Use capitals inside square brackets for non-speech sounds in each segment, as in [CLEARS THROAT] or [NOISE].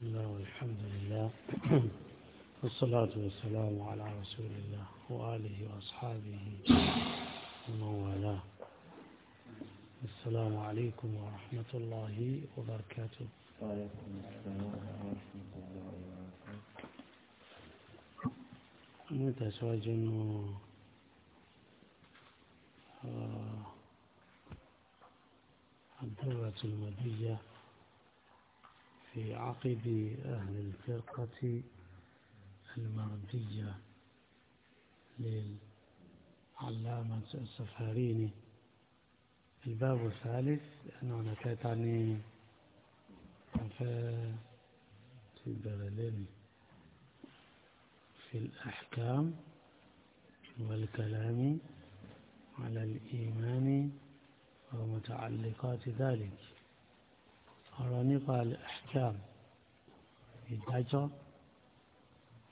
بسم الله والحمد لله [CLEARS THROAT] والصلاة والسلام على رسول الله وآله وأصحابه ومن والاه السلام عليكم ورحمة الله وبركاته وعليكم السلام ورحمة الله وبركاته متسواج أنه آه، الدورة المدية في عقب أهل الفرقة المردية للعلامة السفاريني الباب الثالث أنا نكات عني في البلدين في الأحكام والكلام على الإيمان ومتعلقات ذلك ọ̀rọ̀ nípa al-ahkam ìdájọ́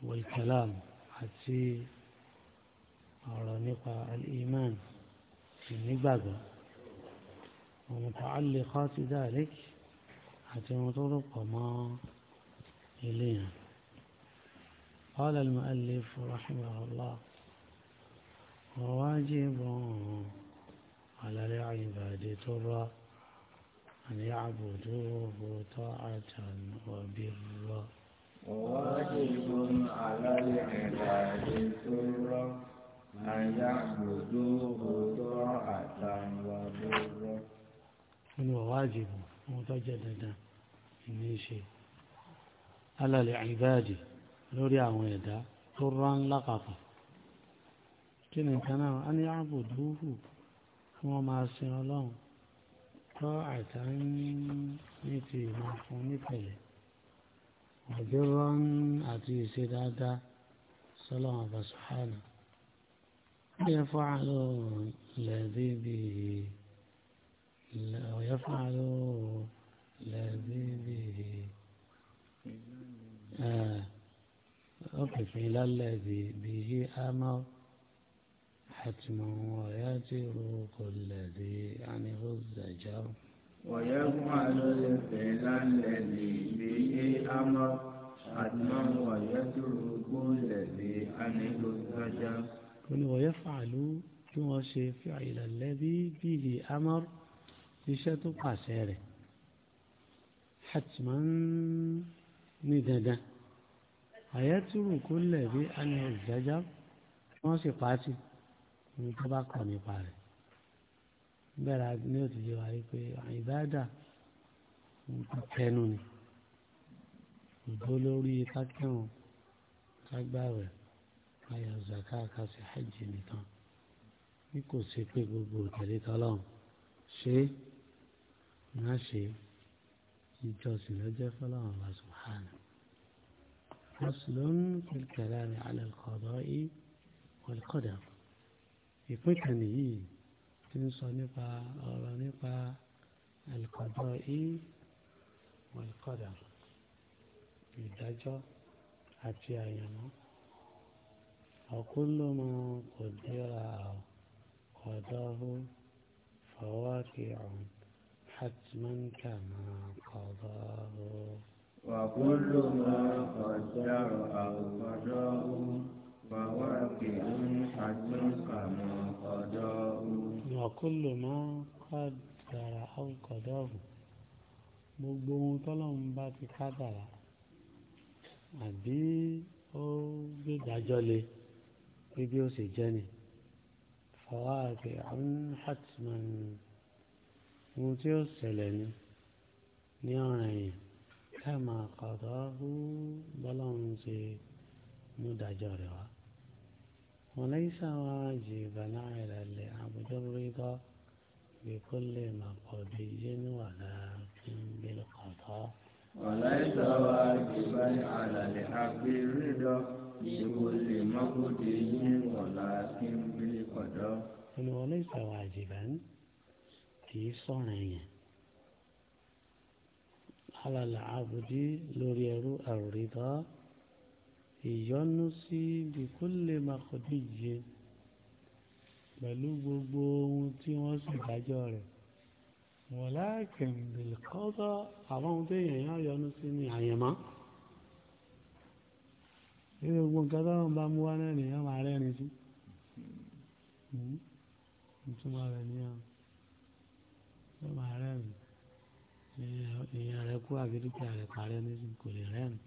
wal-kalam àti ọ̀rọ̀ nípa al-iman ìnígbàgbọ́ ومتعلقات ذلك àti ohun tó rọ̀pọ̀ mọ́ ilé yẹn. قال المؤلف رحمه الله وواجب على العباد ترى أن يعبدوه طاعة وبرا وواجب على العباد سرا أن يعبدوه طاعة وبرا من وواجب متجددا النيشي على العباد lórí àwọn ẹ̀dá tó rán lápapọ̀ kí nìkan náà á tọ́ àṣà ń ní ti ìmọ̀ fún nítẹ̀lẹ̀ àjọrán àti ìṣe dáadáa sọ́lá wọn bá sọ́hánà ويفعل الذي به ويفعل الذي به أقف إلى الذي به أمر حتما ويأتر كل ذي يعني الزجر ويفعل الفعل الذي به أمر حتما ويأتر كل ذي يعني الزجر كل ويفعل كوشي فعل الذي به أمر بشات قاسره حتما نددا هيترك الذي أنه الزجر ما سقاته ní tó bá kọ̀ nípa rẹ̀ bẹ́ẹ̀ ni ó ti yé wa wípé ìbáàdà nǹkan tẹnu ni ìbò lórí kákẹ́hùn kágbáwẹ̀ ayọ̀ zaka kásì hajj nìkan bí kò ṣe pé gbogbo òtẹ̀lé tọ́lọ́run ṣe má ṣe ìjọsìn lọ́jọ́ fọlọ́run wa subhanahu. فصل في الكلام على القضاء والقدر ìpín kan nìyí tí ń sọ nípa ọ̀rọ̀ nípa àlùkọ́dọ̀ yìí wọ́n ìkọ́dà ìdájọ́ àti àyànmọ́ ọ̀kúnlọ́mọ kò dẹ́ra ọ̀dọ́rú fọwọ́kì ọ̀hún حتما كما قضاه وكل ما قدر أو قدره فواكه حسبك ما قضاه وكل ما قدر أو قضاه gbogbo ohun tọ́lọ́run bá ti kádàrá àbí ó gbédájọ́ lé pé bí ó sì jẹ́ ni fọwọ́ àti àwọn hatman ohun tí ó ṣẹlẹ̀ ni ní ọ̀ràn yìí ká máa kọ̀dọ̀ ṣe mú dájọ́ rẹ̀ wá. وليس واجبا على العبد الرضا بكل مقضي ولكن بالقضاء وليس واجبا على العبد الرضا بكل مقضي ولكن بالقضاء وليس واجبا في صنعه على العبد لوريرو الرضا ìyọ́nú sí bíkúlè màkòdíje pẹ̀lú gbogbo ohun tí wọ́n sì dájọ́ rẹ̀ wọ́n láàkìn bìlkọ́tọ̀ àwọn ohun tó yẹ̀yàn yọ́nú sí ni àyẹ̀mọ́ nínú gbogbo nǹkan tó ń bá mú wá náà nìyẹn máa rẹ́rìn sí hmm? ìtumọ̀ rẹ̀ nìyẹn ó máa rẹ́rìn ìyẹn rẹ̀ kú àgídíkì rẹ̀ parẹ́ nísìnyí kò lè rẹ́rìn.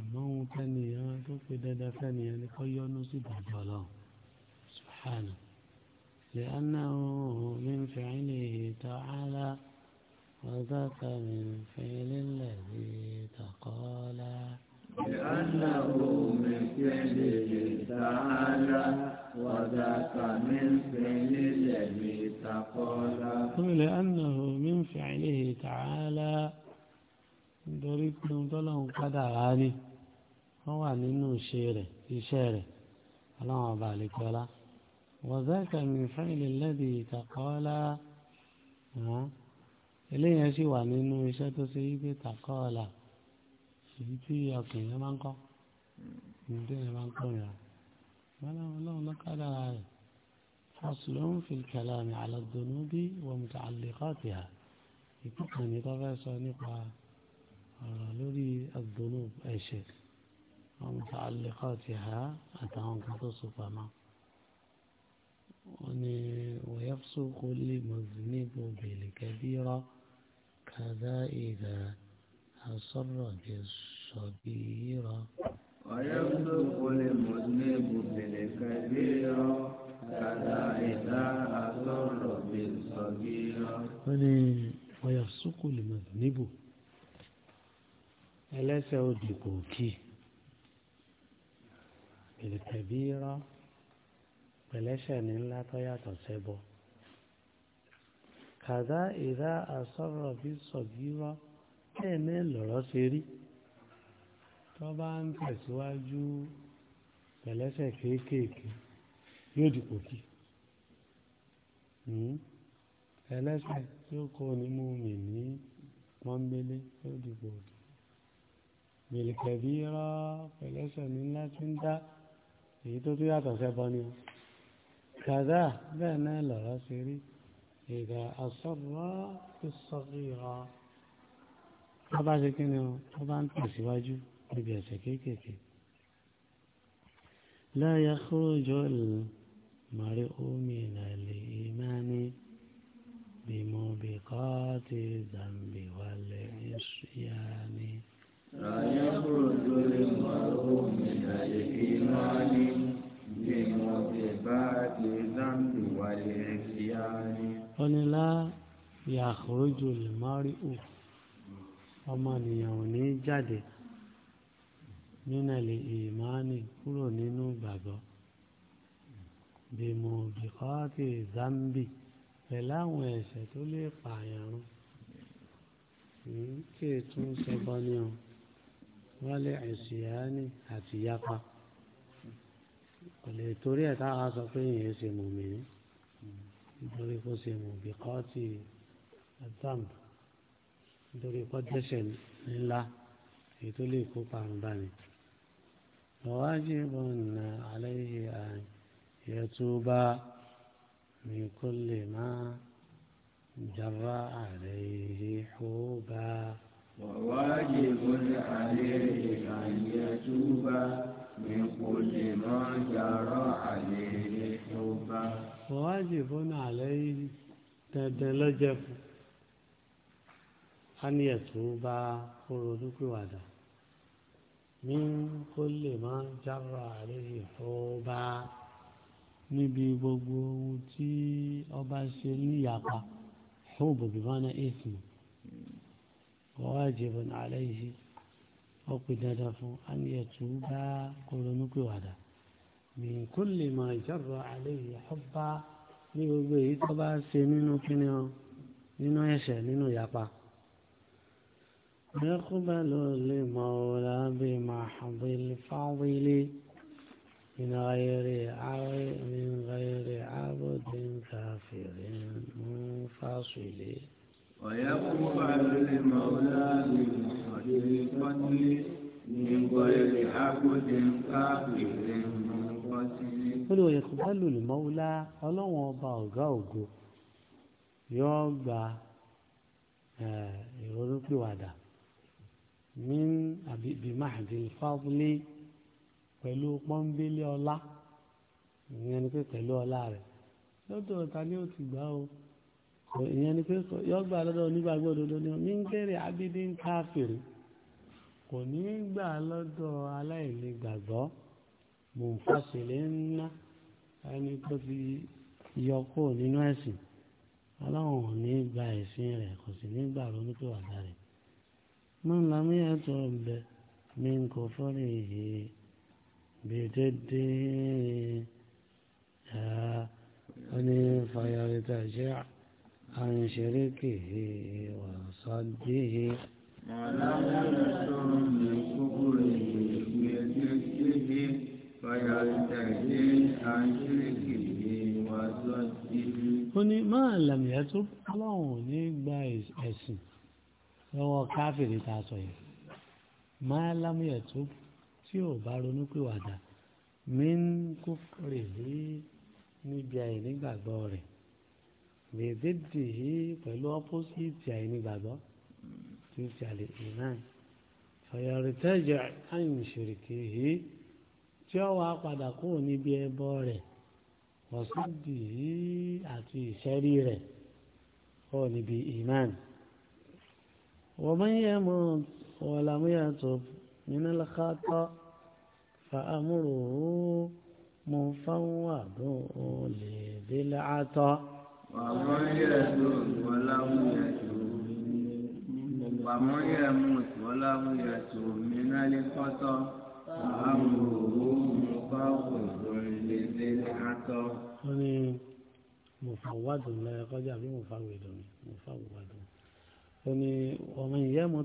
àmọ́ ohun kẹ́nìyàn tó fi dandan kẹ́nìyàn ni kọ́ yọ́nú sí ìdájọ́ ọlọ́run subhana لأنه من فعله تعالى وذاك من فعل الذي تقالى لأنه من فعله تعالى وذاك من فعل الذي تقالى لأنه من فعله تعالى nítorí pé ohun tọ́lọ́run kádàrá ni. wọ́n wà nínú ṣe rẹ̀ iṣẹ́ rẹ̀ ọlọ́run ọba àlekọ́lá wọ́záàkà mi fáìlì lẹ́bi ìtàkọ́ọ́lá eléyẹn sì wà nínú iṣẹ́ tó ṣe wípé tàkọ́ọ́lá èyí tí ọkùnrin yẹn máa ń kọ́ ǹdẹ́ yẹn máa ń kọ́ yẹn wọ́n ọlọ́run lọ́kàdà rẹ̀ fọ́sùlù ń fi kàlámì àlọ́dúnú bí wọ́n mú àlèkọ́tì hà ìpínlẹ̀ ní tó fẹ́ sọ nípa ọ̀rọ̀ lórí àdúnú ẹ̀ṣẹ̀. ومتعلقاتها أتهم كتصفنا ويفسق المذنب بالكبيرة كذا إذا أصر بالصغيرة ويفسق المذنب بالكبيرة كذا إذا أصر بالصغيرة ويفسق المذنب ألا سأدركوكي bìlìkẹ̀bìrọ̀ pẹ̀lẹ́ṣẹ̀ ní ńlá tó yàtọ̀ sẹ́bọ. kàdá ìdá àsọ̀rọ̀ bí sọ̀gírọ̀ bẹ́ẹ̀ ní lọ̀rọ̀ ṣe rí tó bá ń tẹ̀síwájú pẹ̀lẹ́ṣẹ̀ kéékèèké yóò dìpò kí hmm? ẹlẹ́ṣẹ̀ tí ó kọ́ onímú mi ní pọ́nbélé yóò dìpò kí bìlìkẹ̀bìrọ̀ pẹ̀lẹ́ṣẹ̀ ní ńlá ti ń dá èyí tó tún yàtọ̀ sẹ́bọ ni o kàdá bẹ́ẹ̀ náà lọ̀rọ̀ ṣe rí ìdá àsọ̀rọ̀ ìsọ̀rọ̀ tó bá ṣe kí ni o tó bá ń tẹ̀síwájú níbi ẹ̀sẹ̀ kéékèèké láyà kúròjọ́ màrí omi ìlàlẹ̀ ìmáni bímọ bíkọ́ ti zàmbì wálé ìṣúyà ni. لا يخرج المرء من الإيمان بموجبات الذنب والعصيان. wọ́n يخرج المرء ọmọnìyàn ò ní jáde nínú ilé ìmánì kúrò nínú ìgbàgbọ́ bímọ bíkọ́tì zambi pẹ̀lú àwọn ẹ̀ṣẹ̀ tó lè pààyàn rún kí ètò ń ṣẹbọ ní ọ wálé ẹ̀sìyáni àti yapa kò lè torí ẹ̀ tá a sọ pé ìyẹn ṣe mùmíní nítorí kó ṣe mùmí kọ́ ti ẹ̀tàm nítorí kó dẹ́ṣẹ̀ ńlá èyí tó lè kó parun báni. lọ́wájìbọn nà aláìyé àyẹ̀túbá mi kó lè má jàrá àlẹ́ yìí hó bá a. وواجب عليه أن يتوب من كل ما جرى عليه حبا. وواجب عليه تدلجف أن يتوب خروجك وعدا من كل ما جرى عليه حبا. níbi gbogbo ohun tí ọba ṣe níyàpá ṣóòbù bí wọn náà èsì وواجب عليه وقدد أن يتوب قرن قوادا من كل ما جر عليه حبا ليوبه طبعا سنين كنيو نينو يشع نينو يابا يقبل لمولى بمحض الفاضل من غير من غير عبد كافر منفصل ويقبل لمولاه بغير فضل من غير عبد كافر قل ويقبل المولى ọlọ́wọ́n ọba ọ̀gá ògo yóò gba ìrònúpìwàdà ní àbíbímáàdì fáwọlé pẹ̀lú pọ́ńbélé ọlá ìyẹn ni pé pẹ̀lú ọlá rẹ̀ lọ́dọ̀ ta ni ó ti gbà ó ìyẹn ni pé yọ gbà lọ́dọ̀ onígbàgbọ́ òdodo ni mi ń bèrè abídí ń káfìrí kò ní í gbà lọ́dọ̀ aláìní gbàgbọ́ mò ń fàṣẹlẹ̀ ńlá ẹni tó ti yọ kó nínú ẹ̀sìn aláwọn ò ní gba ẹ̀sìn rẹ̀ kò sì ní gbà lóní tó wà dára mọ́ ńlá tó ń bẹ mi ń kó fọ́nì yìí bí dédé ẹ̀ ọ́ ní fàyàrìtà ṣe à. عن شركه وصده ولا يسر من كفره بذكره فيرتدي عن شركه وصده ó ní máa làmìyà tó lọ́wọ́n ní gba ẹ̀sìn lọ́wọ́ káfíìrì tá a sọ yìí máa làmìyà tó tí ò bá ronú pìwàdà mí ń kó fèrè níbi àìnígbàgbọ́ rẹ̀ mèdèdè yìí pẹ̀lú ọ́pọ́sìtì àìnígbàgbọ́ tí ó ti àlè ìmáì fọyọ̀rìtẹ́jọ àìmùsùrìkì yìí tí ó wàá padà kúrò níbi ẹbọ rẹ̀ wọ́sídì yìí àti ìṣẹ́rí rẹ̀ kúrò níbi ìmáì. ومن يموت ولم يتب من الخطأ فأمره مفوض لذي العطاء ومن يتوب وله يتوب ومن يموت وله يتوب من الخطأ وأمره مفوض لذي العطا مفوض لا يقال به مفوض مفوض ó ní ọmọ ìyá mọ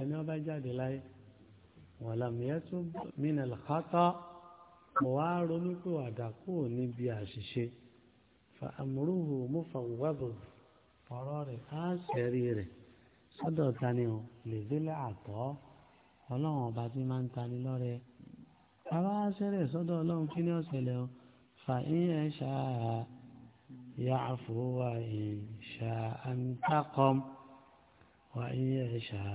ẹni ọba jáde láyé wọn làmìyẹ tó mí nà lọ́kàtà mo wá ronú pé wàdà kúrò níbi àṣìṣe fa àmúrúhù mufawwadun ọ̀rọ̀ rẹ̀ á sẹ̀rí rẹ̀ sọ́dọ̀ tani o lè délé àtọ́ ọlọ́run ọba tí máa ń tani lọ́rẹ bàbá sẹ́rẹ̀ sọ́dọ̀ ọlọ́run kí ni ó ṣẹlẹ̀ o fa ìyẹn ṣáà yàáfù wa ìṣáà ń takọ́m wa ìyẹn ṣáà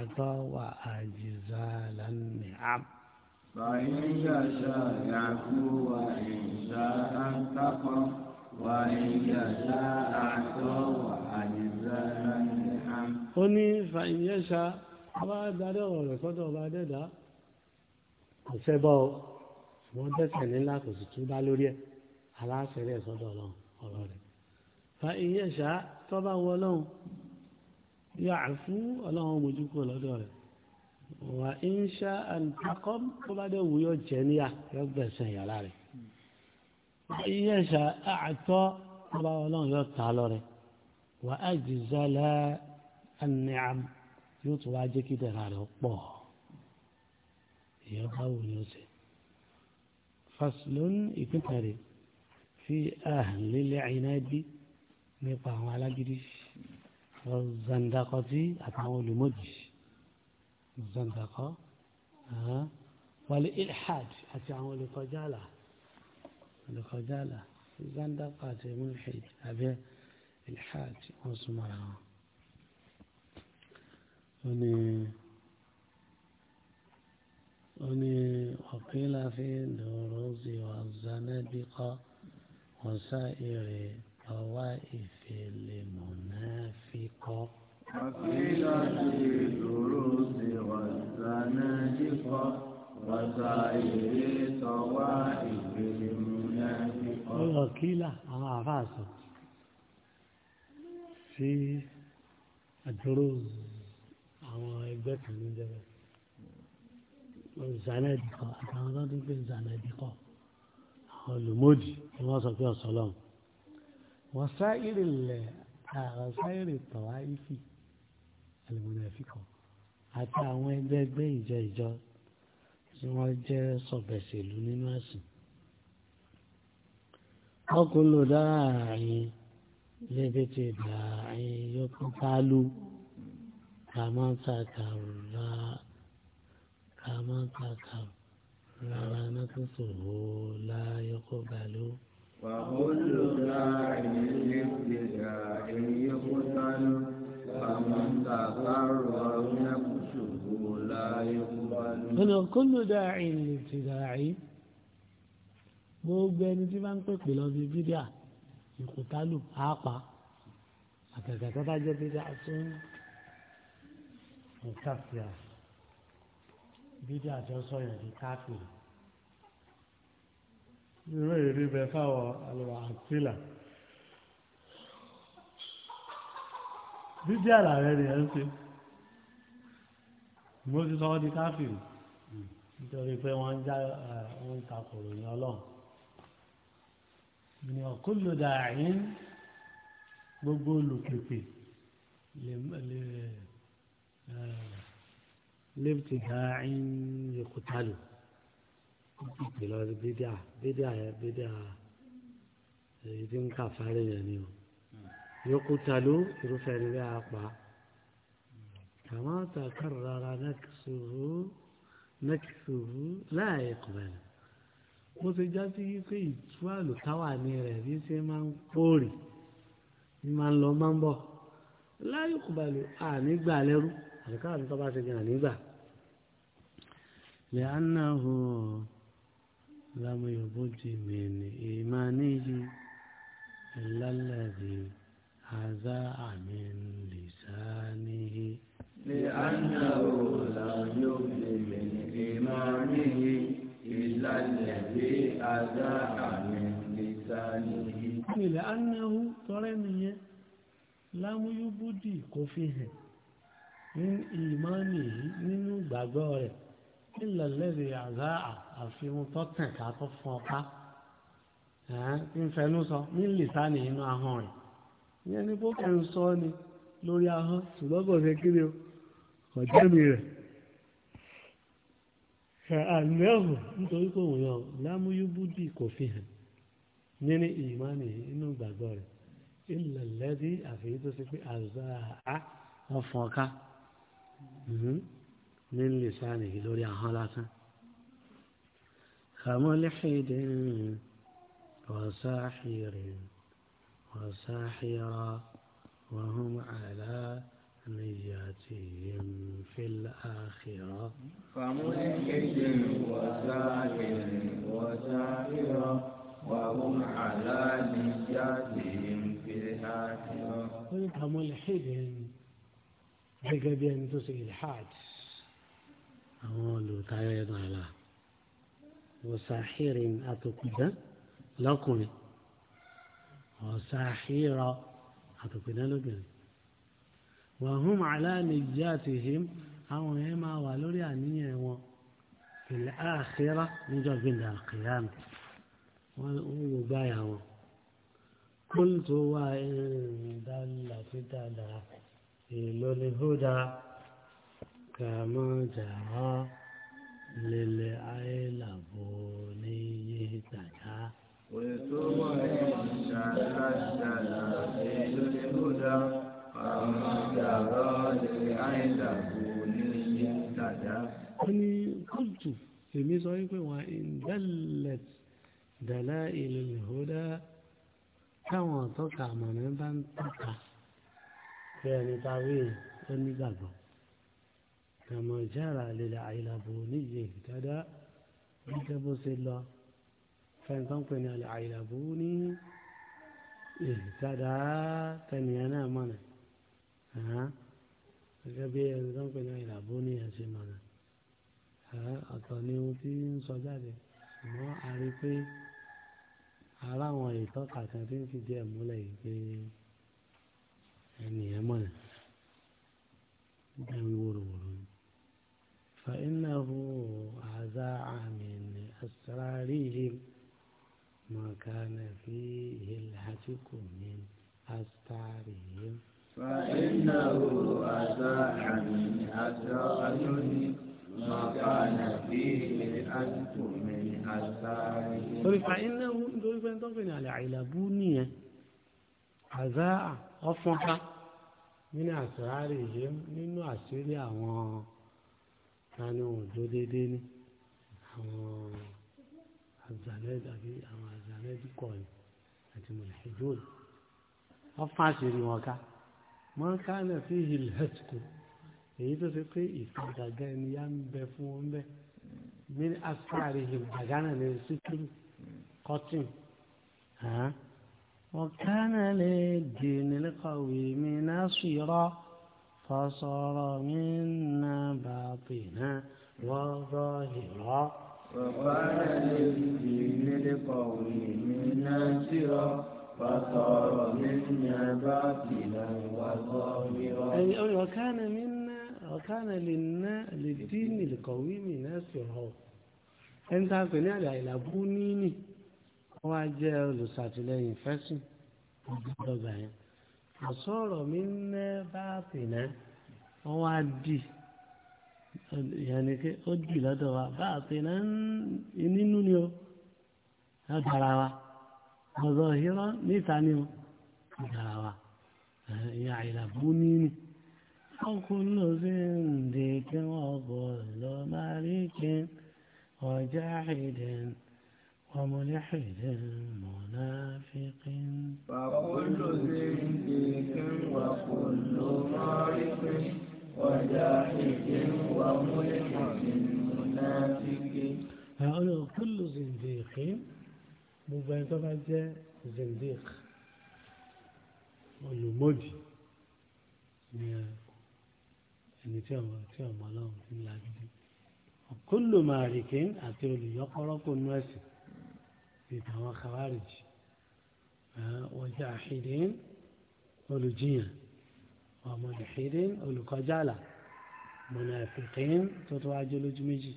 àtọ́ wa àjìzá lánàá. فإن يشاء يعفو وإن شاء انتقم وإن يشاء أعطى وعجزا يرحم. ó ní فإن يشاء ọba darí ọ̀rọ̀ rẹ̀ sọ́dọ̀ ọba dẹ́dá ọ̀sẹ̀ bọ́ ọ wọ́n dẹ́sẹ̀ nílá kò sì tún dá lórí ẹ̀ aláṣẹ rẹ̀ sọ́dọ̀ ọlọ́run ọ̀rọ̀ rẹ̀ fa ìyẹn ṣá tọ́ba wọ ọlọ́run yóò àfún ọlọ́run mojú kúrò lọ́dọ̀ rẹ̀ wà ìnṣà àǹtakọ́ tó bá dé wúyọ jẹ níyà yọ gbẹ̀sẹ̀ yàrá rẹ̀ iye ṣà àtọ́ tó bá ọlọ́run yọ tà lọ́rẹ̀ wà á jìzálà ànìyàm yóò tún wá jẹ́ kí dẹ̀ra rẹ̀ pọ̀ èèyàn bá wù ní ọ̀sẹ̀ faslun ìpínpẹ̀rẹ̀ fi àhìnlélẹ̀ àyínábí nípa àwọn alágídí ọ̀zàǹdàkọ̀tì àtàwọn olùmọ̀jì zandaqa wàlẹ̀ ilhad àti àwọn olùkọjáàlà olùkọjáàlà zandaqa àti mulhid abẹ́ ilhad wọ́n súnmọ́ ara wọn. oni oni ọ̀kìlá fi dòrózì wà zanadiqa wọ́n sá èrè ọwá ìfèlè سائر صوائبهم نافقا وقيل أما عفاس في الدروز أما إبداك من جبل الزنادقة أتعرض في الزنادقة المجي كما سأقول السلام وسائر وسائر الطوائف المنافقة àti àwọn ẹgbẹ́ ẹgbẹ́ ìjọ ìjọ tí wọ́n jẹ́ sọ̀bẹ̀sẹ̀lú nínú ẹ̀sìn. ọkùnrin ló dára àyìn lébi tí ìgbà àyìn yókù pálú kàmáńtàkàrà kàmáńtàkàrà rárá náà tó sòwò láyọkọ̀ balú. wàhálà ló dára àyìn lébi tí ìgbà. lónìí ọ̀kọ́lù dáàrin lè ti dáàrin gbogbo ẹni tí bá ń pèpè lọ bí bídíà ìkùtálù àápa àgàgà tó bá jẹ́ bídíà tó ń mùtàfíà bídíà tó sọ̀yàn di káfíìn irú èrè bẹ fáwọn àlùwà àtìlà bídíà làárẹ̀ nìyẹn ń ṣe mo ti sọ ọ́ di káfíìn nítorí pé wọ́n ń já wọ́n ń takòrò ní ọlọ́run ní kullu da'in gbogbo olùpèpè lè lẹ́bùtì da'in yuqtalu pèpè lọ sí bídíà bídíà yẹn bídíà èyí tí ń kà fárẹ̀ yẹn ni o yuqtalu irúfẹ́ ni bí a pa kama takarrara naqsuhu nẹ́kìsìhù láàyè kùbẹ̀lẹ̀ mo ti já sí wípé ìtú àlùkáwà ní rẹ̀ bí ṣe máa ń kórè ní máa ń lọ máa ń bọ̀ láàyè kùbẹ̀lẹ̀ ànígbà lẹ́rú àlùkáwà ní tọ́ba ṣe gan ànígbà. لأنه لم يبد من إيمانه إلا الذي هزأ من لسانه لأنه لم يبد إمامه إلا الذي أزاح من لسانه لأنه ترمي لم يبدي كفيه من إيمانه من بغوره إلا الذي أزاح أفهم تطنك أتفنك tí ń fẹnu sọ ní lìsánì inú ahọ́n rẹ̀ ìyẹn ni bó kẹ́ ń sọ ni lórí ahọ́n ṣùgbọ́n kò ṣe kí ni o kò jẹ́mi rẹ̀ àlẹ́hù nítorí kò wòyàn lámúyúbúdì kò fi hàn nínú ìmánì inú gbàgbọ́ rẹ̀ ìlẹ̀lẹ́dí àfihàn tó ṣe pé àzáà ọ̀fọ̀ká mhm. ní lìsánì lórí ahọ́n lásán. kàmọ́lẹ́hìdì wàsáhìrì wàsáhìrà wàhùn àlàá. نياتهم في الآخرة فملحد وساحر وسائر وهم على نياتهم في الآخرة قلت ملحد بقد ينتس إلحاد أقول تعيض على وساحر أتقدا لكم وساحرة أتقدا لكم wàhùn aláàmìjáàtìhìm àwọn yẹn máa wà lórí àníyàn wọn ìlà àkírá níjọ́ gbìndà àkíyàmì wọn wò báyà wọn kóòtù wà ìdálà fi dáadáa èèlò ní hódà kàmú jàrá lèlè àìlàbò ní yé tàjá. kóòtù wà ìdálà fi dáadáa èèlò ní hódà ó ní kúlùtù èmi sọ wípé wọn ìdálẹt dàlá ìlú ìhódà táwọn ọ̀tọ́ka àmọ̀nà bá ń tọ́ka pé ẹni tàbí ó nígbàgbọ́ kàmọ̀ jára lílà àìlàbò níyè dáadáa gẹ́gẹ́ bó ṣe lọ fẹ́ntàn pé ní àìlàbò ní ìdáadáa tẹnìyàn náà mọ̀nà gẹ́gẹ́ bí ẹni tó ń pè ní ìlàbó ní ẹ̀sìn mọ̀nà ọ̀tọ̀ ni ohun tí ń sọ jáde ṣùgbọ́n a rí pé ara àwọn ìtọ́ka kan tí ń fìdí ẹ̀ múlẹ̀ yìí pé ẹnìyẹn mọ̀nà ẹ̀rí wòròwòrò ni. فإنه عزاء من أسرارهم ما كان فيه الهتك من أستارهم فإنه أزاح من أزاحني ما كان فيه الأنف من أزاحه torí فإنه nítorí pé tó ń pè ní àlẹ́ àìlàbú nìyẹn àzáà ọ̀fọ̀nká nínú àṣírí yìí nínú àṣírí àwọn tani òjò déédéé ní àwọn àzàlẹ́dì àbí àwọn àzàlẹ́dì kọ̀ọ̀yìn àti mọ̀lẹ́dì ọ̀fọ̀n àṣírí wọn ká máa ń kánà sí ìlẹ́sìkò èyí tó ṣe pé ìfàgàgà ẹni yá ń bẹ fún wọn bẹ ní asáré ìgbàgánà ní síkírù kọtìn وكان للدين القويم نصيرا فصار منا باطنا وظاهرا وكان للدين القويم نصيرا فصار منا باطلا وظاهرا وكان منا وكان للنا للدين القويم ناصرا ẹni tá a pè ní àlè àìlàbú níní wọn á jẹ olùsàtìlẹ́yìn fẹsìn ọgbọdọgba yẹn àsọ̀rọ̀ mi ná bá pè ná wọn á dì yẹnni pé ó dì lọ́dọ̀ wa bá pè ná nínú ni ó lọ́dọ̀ ara wa. ظاهرة نتعني دعوة يعلموني وكل زندك وكل مالك وجاحد وملحد منافق وكل زندك وكل مالك وجاحد وملحد منافق هؤلاء كل زنديق gbogbo ẹni tó bá jẹ́ zendik olùmọ̀jì ni ẹni tí ọmọ tí ọmọ ọlọ́run ti ń lajú bí ọ̀kúnlò màrìkín àti olùyọkọ́rọ́kọ́ nú ẹ̀sìn ti tàwọn kawárìjì ọjà eh, àhìdín olùjiyàn ọmọ ìhìdín olùkọjàlà mọ̀nà ẹ̀fìkín tó tó wájú lójú méjì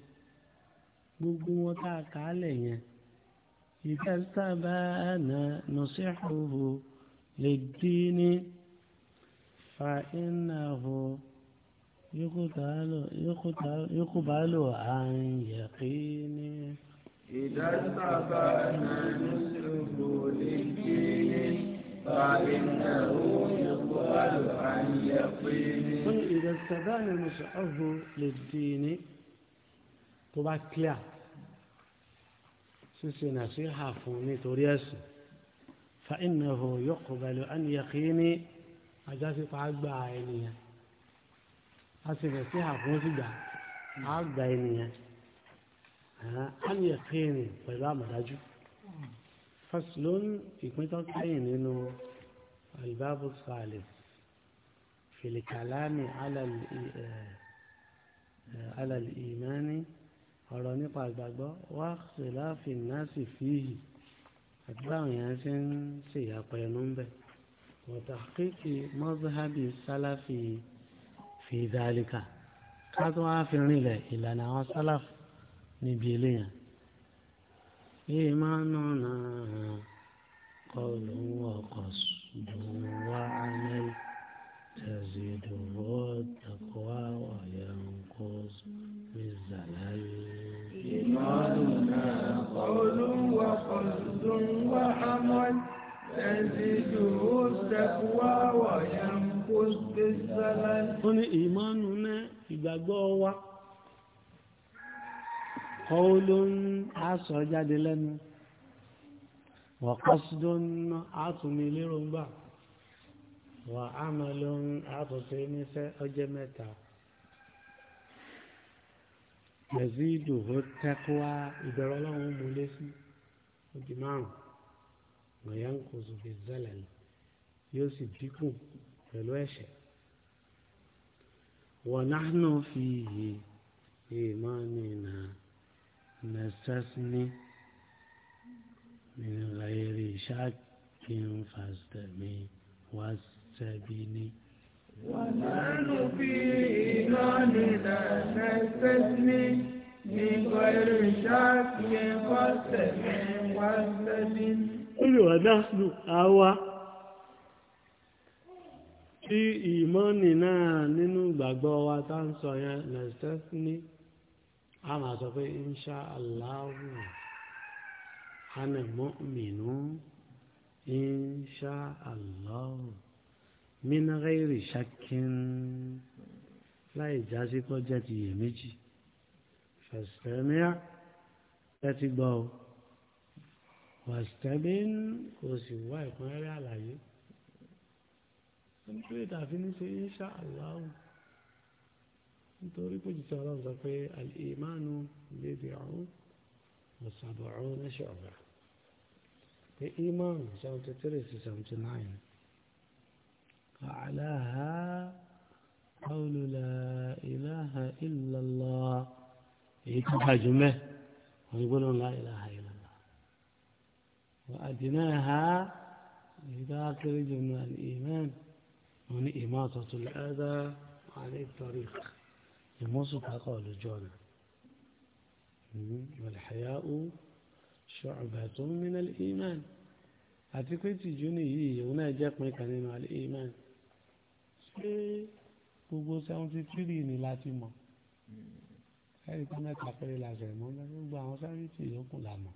gbogbo wọn tá a yẹn. إذا استبان نصحه للدين فإنه يقتل يقبل عن يقين إذا استبان نصحه للدين فإنه يقبل عن يقين قل إذا استبان نصحه للدين تبقى كلاه سلسلة نصيحة فوني تورياس فإنه يقبل أن يقيني أجاسي طعاق بعينيا أسي نصيحة فوني سيدا عاد بعينيا أن يقيني فلا مراجو فصل يكون تقعين إنه الباب الثالث في الكلام على الإيمان ọ̀rọ̀ nípa ìgbàgbọ́ wá ṣèláfì náà sì fìhì àti báwọn yẹn ṣe ń ṣèyàpọ̀ ẹnu ń bẹ̀ mọ̀tàkìkì mọ́sáhábì sálàfì fìdálíkà ká tó wá fi rinlẹ̀ ìlànà àwọn sálàfì níbi eléyàn. إيماننا قول وقصد وعمل تزيده التقوى وينقص رضواننا قول ó ní ìmánu náà ìgbàgbọ́ wa aṣọ jáde lẹ́nu átùmí wà ọjẹ́ mẹ́ta yazidu ho taqwa ìbẹ̀rù ọlọ́run mú lé sí odi márùn wọ̀nyá ń kó zòbí zálàlì yóò sì dínkù pẹ̀lú ẹ̀ṣẹ̀ wọ̀n náà náà fi yìí ìmánìna nasasni min ghayri shakin fasitami wasabini. ونحن في إيماننا نستثني من غير شك فاستمع واستسلم قل ونحن أوا tí ìmọ́nì náà nínú ìgbàgbọ́ wa tá ń sọ yẹn lẹ́sítẹ́síní a máa sọ pé insha Allahu ana mu'minu insha Allahu mina ghairi shakkin láì já sí kọjá ti yè méjì fàstẹ́míà tẹ́tí gbọ́ ọ fàstẹ́mín kò sì wá ìpínlẹ̀ àlàyé nítorí tàbí ní ṣe insha Allah nítorí kò jù sí ọlọ́run sọ pé al-imanu lédè ọ̀hún ọ̀sàbọ̀ ọ̀hún pé imanu seventy three sí seventy nine. وعلاها قول لا إله إلا الله يكفى إيه جمع ويقولون لا إله إلا الله وأدناها إذا رجل من الإيمان من إماطة الأذى عن الطريق يمصف قول الجنة والحياء شعبة من الإيمان أتكويت جوني هنا جاك ميكانين على الإيمان pé gbogbo seventy three ni láti mọ̀ ẹ̀rí pé mẹ́ta péré la sẹ̀ mọ́ gbogbo àwọn sẹ́ríìtì yòókù la mọ̀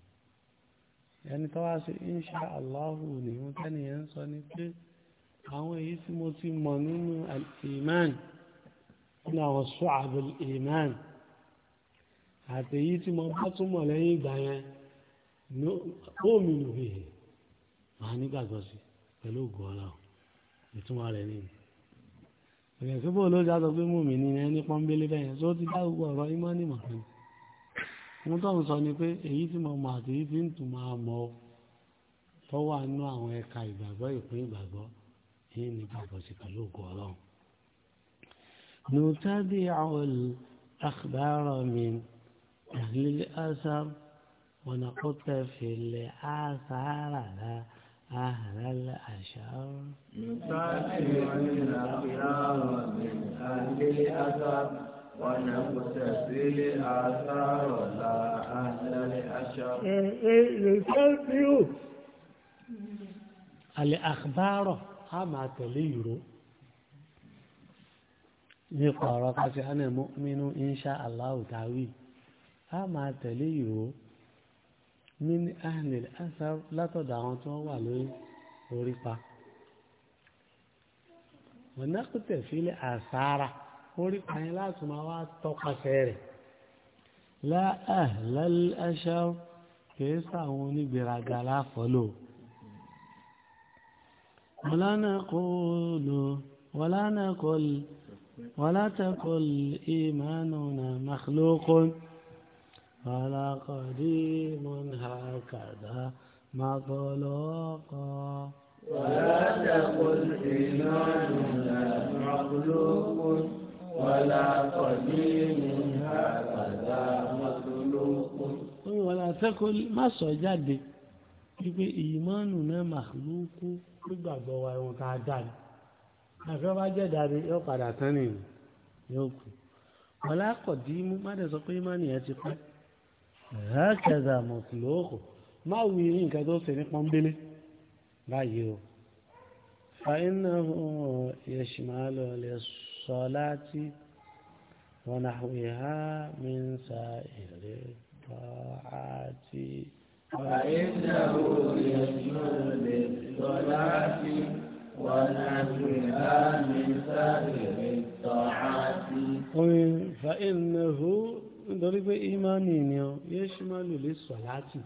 ẹni tó wá sí insha allahu ni wọ́n tẹ́niyẹn ń sọ ni pé àwọn èyí tí mo ti mọ̀ nínú iman nínú àwọn ṣọ́àbùl iman àtẹ̀yí tí mo bá túmọ̀ lẹ́yìn ìgbà yẹn ó mi lò hìhì màá nígbàgbọ́ sí pẹ̀lú ògùn ọlọ́run ìtumọ̀ rẹ̀ nìyí ìyẹn pé bóòlù ọjà sọ pé mùmí ni ẹni pọ́nbélé bẹ́ẹ̀ yẹn tó ti dá gbogbo ọ̀rọ̀ ìmọ̀ọ́nì mọ̀ kan mo tó ń sọ ni pé èyí tí mo mọ̀ àti èyí tí ń tún máa mọ̀ ọ́ tó wà nínú àwọn ẹ̀ka ìgbàgbọ́ ìpín ìgbàgbọ́ èyí ni gbàgbọ́ sí pẹ̀lú ògo ọlọ́run. nùtàbí àwọn akhbara min àlílẹ̀ àṣà wọn àkọ́tẹ̀fẹ̀lẹ̀ àṣà àràlà. أهل الأشر نسافر الأخيار من أهل الأثر ونقتفي الآثار لك أهل الأشر نسافر إيه، إيه، الأخبار أما لك nípa ọ̀rọ̀ kásìánà mọ́mínú inṣá لك a máa tẹ̀lé min ahlil asar látọ̀dọ̀ àwọn tí wọ́n wà lórí orípa mọ̀nàkùtẹ̀ fílẹ̀ àsára orípa yẹn láti máa wá tọpasẹ̀ rẹ̀ láàhlal asar kìí sáwọn onígbèraga láfọ́lò wala naqulu wala naqul wala taqul imanuna makhluqun. على قديم هكذا مطلوقا ولا تقل إيماننا مخلوق ولا قديم هكذا مطلوق ولا تقل ما سجد pípé ìmánu náà màlúkú gbígbàgbọ́ wa ẹ̀wọ̀n ká dà ní. àfẹ́ bá jẹ́ dàbí yóò padà tán nìyí yóò kù. ọ̀làkọ̀dí má dẹ̀ sọ pé ìmánu ti pẹ́. هكذا مطلوق ما ويرين كدو سنقوم بلي بايو فإنه يشمل للصلاة ونحوها من سائر الطاعات فإنه يشمل للصلاة ونحوها من سائر الطاعات فإنه nítorí pé ìmánì ni ọ yéé ṣímánì lè sọ láti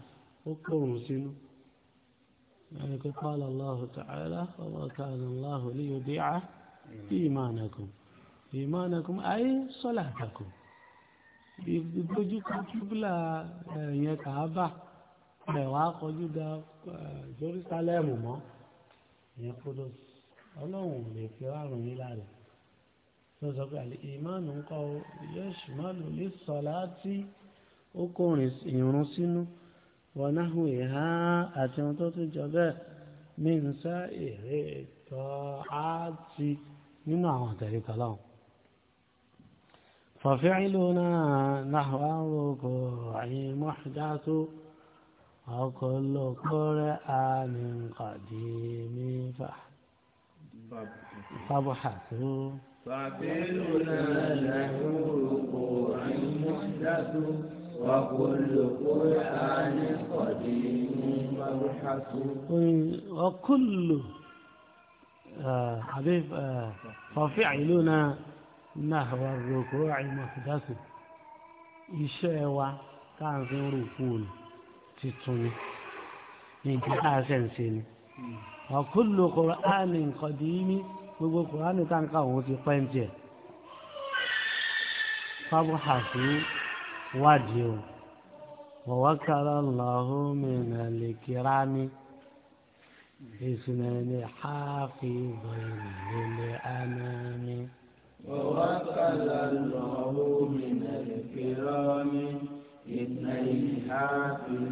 ó kọrùn sínú ẹni pé qala Allahu ta'ala wa kana Allahu li yudi'a imanakum imanakum ay salatakum ìgbójú kan ẹ̀yẹn kàábà ẹ̀wà kọjú da Jerusalem mọ́ ìyẹn kúrò ọlọ́run lè fi rárùn lára. tó sọ pé àlè ìmánu ń kọ́ yẹ́sù má lò lè sọ láti ó kó ìrun sínú wọn náà hùwẹ̀ ha àti ohun tó tún jọ bẹ́ẹ̀ mí ń sá èrè ìtọ́ àti nínú àwọn tẹ̀lé kọlọ́hún. ففعلنا نحو الركوع محدث وكل قرآن قديم فابحثوا فاغفر له قرآن محدث وكل قرآن قديم مبحث وكل آه حبيب آه ففعلنا نهو الركوع محدث يشوى كان في ركول تتوني انت وكل قرآن قديم gbogbo kùránì táǹkà òun ti pẹ́ ń tiẹ̀ fábù hàfí wádìí o wọ̀wákàrà lọ́hùn mìíràn lè hàfi bẹ̀rẹ̀ lè ànàmì. wọ̀wákàrà lọ́hùn mìíràn hàfi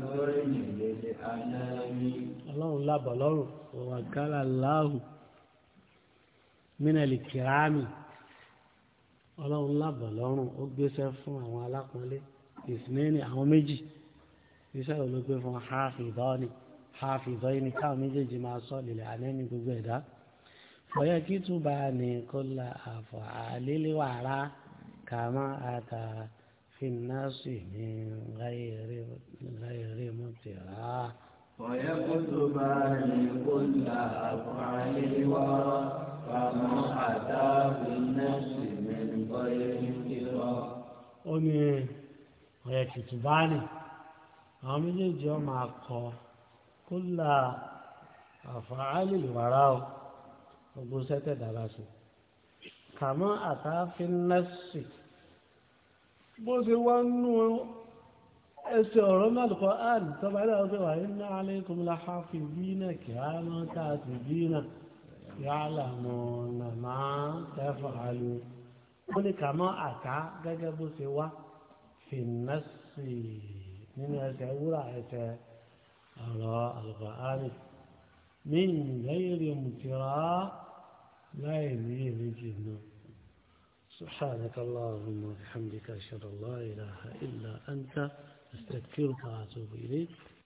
bẹ̀rẹ̀ lè ọlọ́run lábọ̀ lọ́rùn wọ̀wákàrà lọ́hùn mínàlì kìrámì ọlọ́run lábọ̀ lọ́rùn ó gbéṣẹ́ fún àwọn alákùnrin ìsìnẹ́ni àwọn méjì iṣẹ́ olóògbé fún hafidọ́ni hafidọ́ni káwọn méjèèjì máa sọ lílẹ̀ ànẹ́ni gbogbo ẹ̀dá fọyẹ́ kí túbà ní kọ́lá àfọ̀ àlélẹ́wàrá kàmá àtà fìnnásì ní gáyẹ̀rẹ́ mọ́tìrá. fọyẹ́ kí túbà ní kọ́lá àfọ̀ àlélẹ́wàrá ó ní ọ̀yẹ̀ kìtùbánì àwọn méjèèjì ọ máa kọ kó là àfàálì wàrà o gbogbo sẹ́tẹ̀ dára sí kàmọ́ àtàfin nẹ́sì bó ṣe wá nú ẹsẹ̀ ọ̀rọ̀ mẹ́lùkọ́ àdìsọ́bàdà ọ̀sẹ̀ wà ní alaykum la hafizina kirama katibina. يعلمون ما تفعلون قل كما أتى جاجبو سوا في النص من أسعور أتى القرآن من غير امتراء لا يميل الجنون سبحانك اللهم وبحمدك أشهد الله إله إلا أنت أستغفرك وأتوب إليك